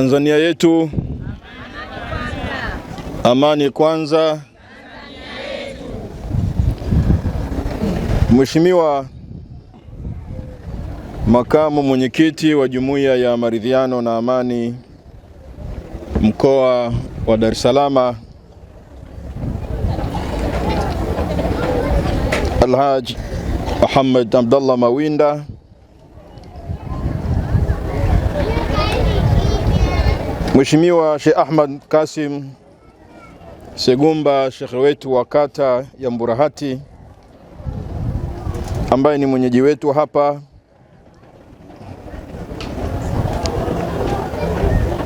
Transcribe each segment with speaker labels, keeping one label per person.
Speaker 1: Tanzania yetu amani kwanza. Mheshimiwa Makamu Mwenyekiti wa Jumuiya ya Maridhiano na Amani Mkoa wa Dar es Salaam, Alhaji Muhammad Abdallah Mawinda Mheshimiwa Sheikh Ahmad Kasim Segumba, shekhe wetu wa kata ya Mburahati ambaye ni mwenyeji wetu hapa,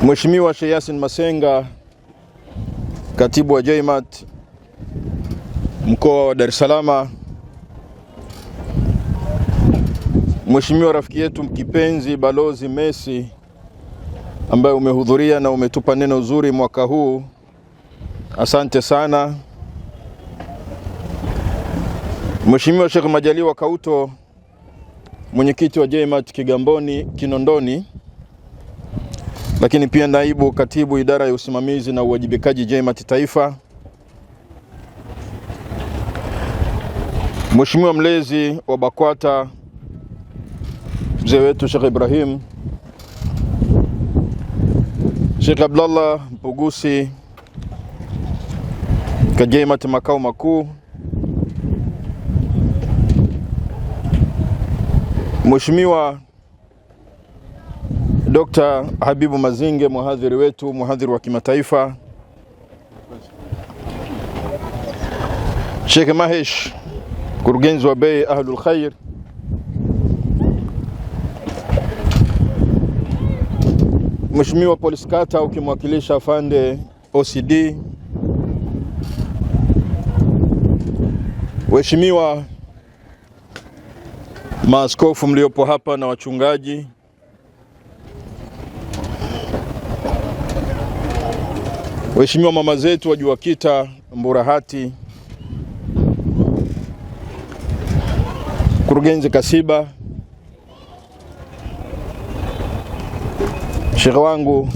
Speaker 1: Mheshimiwa Sheikh Yasin Masenga, katibu wa JMAT mkoa wa Dar es Salaam, Mheshimiwa rafiki yetu mkipenzi Balozi Messi ambaye umehudhuria na umetupa neno zuri mwaka huu. Asante sana Mheshimiwa Sheikh Majaliwa Kauto, mwenyekiti wa JMAT Kigamboni Kinondoni, lakini pia naibu katibu idara ya usimamizi na uwajibikaji JMAT Taifa, Mheshimiwa mlezi wa BAKWATA mzee wetu Sheikh Ibrahim Sheikh Abdallah Mpugusi Kajemat makao makuu. Mheshimiwa Dr. Habibu Mazinge muhadhiri wetu, muhadhiri wa kimataifa. Sheikh Mahesh mkurugenzi wa Bei Ahlul Khair Mheshimiwa Polisi Kata, ukimwakilisha fande OCD, Mheshimiwa maaskofu mliopo hapa na wachungaji, Mheshimiwa mama zetu wa JUAKITA Mburahati, Mkurugenzi Kasiba Shehe wangu